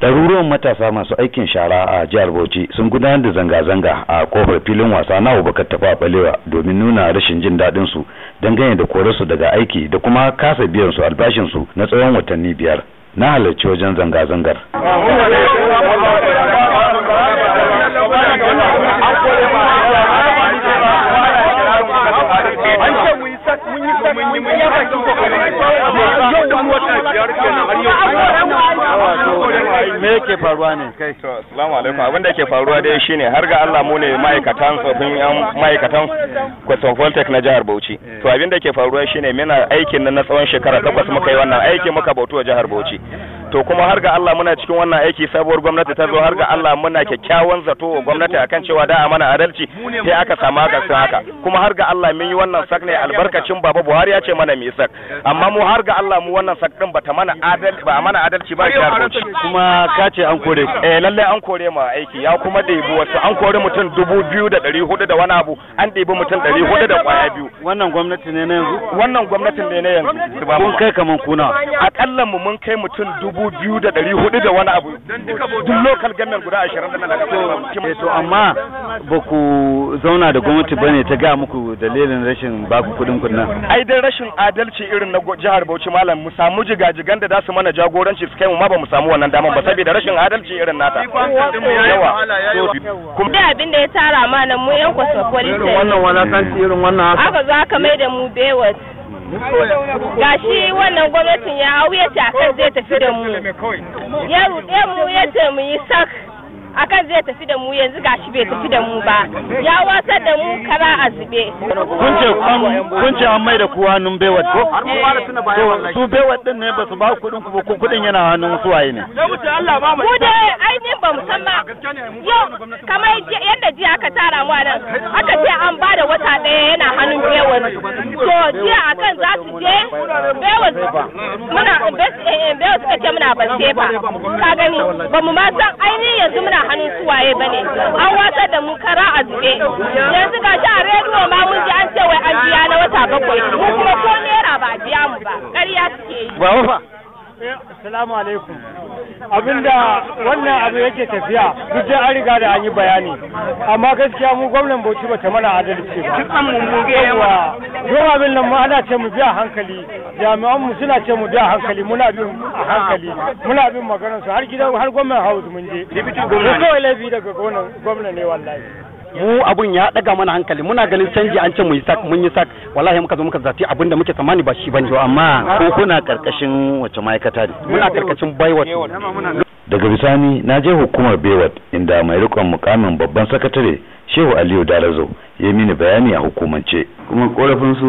ɗaruruwan matasa masu aikin shara a jihar bauchi sun gudanar da zanga-zanga a kofar filin wasa na abubakar tafa balewa domin nuna rashin jin daɗin su dangane da korarsu daga aiki da kuma kasa biyan su albashin su na tsawon watanni biyar na halarci wajen zanga-zangar me yake faruwa ne kai to assalamu alaikum abin da ke faruwa dai shine har ga Allah mu ne ma'aikatan tsofin yan ma'aikatan Kwatson Voltec na jihar Bauchi to abin da ke faruwa shine muna aikin nan na tsawon shekara takwas muka yi wannan aikin muka bautu wa jihar Bauchi to kuma har ga Allah muna cikin wannan aiki sabuwar gwamnati ta zo har ga Allah muna kyakkyawan zato wa gwamnati akan cewa da mana adalci sai aka samu haka sai haka kuma har ga Allah mun yi wannan sak ne albarkacin baba Buhari ya ce mana mu sak amma mu har ga Allah mu wannan sak din bata mana adalci ba mana adalci ba jihar Bauchi kuma ka ce an kore eh lalle an kore ma aiki ya kuma ɗebi wasu an kore mutum dubu biyu da ɗari hudu da wani abu an ɗebi mutum ɗari hudu da kwaya biyu wannan gwamnati ne na yanzu wannan gwamnatin ne na yanzu kun kai kaman kuna akalla mu mun kai mutum dubu dubu biyu da dari hudu da wani abu duk lokal government guda ashirin da nan eh, to amma ba ku zauna da gwamnati ba ne ta ga muku dalilin rashin ba ku kudin kuɗin ai dai rashin adalci irin na jihar Bauchi malam mu samu jigajigan da za su mana jagoranci su kai mu ma ba mu samu wannan daman ba saboda rashin adalci irin nata yawa da abin da ya tara mana mu yan kwasa irin wannan wala kan irin wannan haka aka zo mai da mu bewat ga shi wannan gwamnatin ya hau ya ce akan zai tafi da mu ya ruɗe mu ya ce mu yi sak akan zai tafi da mu yanzu ga shi bai tafi da mu ba ya wasar da mu kara a zube kun ce an mai da kuwa nun bewa ko su bewa din ne ba su ba kuɗin ku ko kuɗin yana hannun su waye ne mu da ainihin ba musamman. yau kamar yadda jiya aka tara mu nan aka ce an ba da wata ɗaya a ba ka gani ba mu ma san ainihin yanzu muna hannun suwaye ba ne an watsar da mu kara a zube yanzu ga shi a rediyo ma mun ji an ce wai an biya na wata bakwai mu kuma ko naira ba biya mu ba ƙarya suke yi. Ba abinda wannan abu yake tafiya duk da an riga da an yi bayani amma gaskiya mu gwamnan bauchi bata mana adalci ba yawa yau abin nan mu ana ce mu biya hankali jami'an mu suna ce mu biya hankali muna bin hankali muna bin maganar su har gidan har gwamnan hausa mun je kawai laifi daga gwamnan ne wallahi mu abun ya daga mana hankali muna ganin canji an ce mu yi sak mun yi sak wallahi muka zo muka zati abin da muke tsammani ba shi bane to amma ko kuna karkashin wace ma'aikata ne muna karkashin baiwat daga bisani na je hukumar baiwat inda mai rikon mukamin babban sakatare shehu aliyu dalazo ya yi mini bayani a hukumance kuma korafin su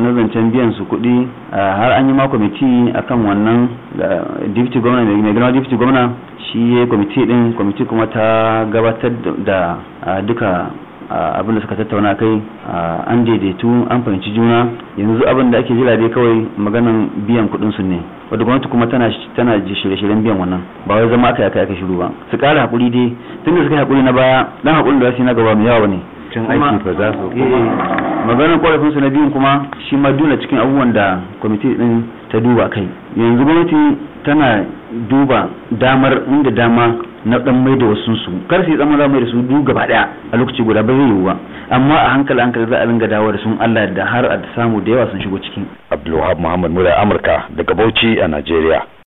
na zancen biyan su kuɗi ah, har an yi ma kwamiti akan wannan ah, da gwamna mai gwamna shi ya kwamiti din kwamiti kuma ta gabatar da duka abin da suka tattauna kai an daidaitu an fahimci juna yanzu abin da ake jira dai kawai maganan biyan kudin su ne wadda gwamnati kuma tana tana shirye-shiryen biyan wannan ba wai zama aka aka aka shiru ba su ƙara hakuri dai tun da suka hakuri na baya dan hakurin da za su yi na gaba mai yawa ne cin aiki ba za su eh, maganar su na biyun kuma shi ma duna cikin abubuwan da kwamiti din ta duba kai yanzu gwamnati tana duba damar inda dama na dan mai da wasu su kar su zama za mai da su du gaba daya a lokaci guda ba zai yiwu ba amma a hankali hankali za a ringa dawo da sun Allah da har a samu da yawa sun shigo cikin Abdulwahab Muhammad Mura Amurka daga Bauchi a Najeriya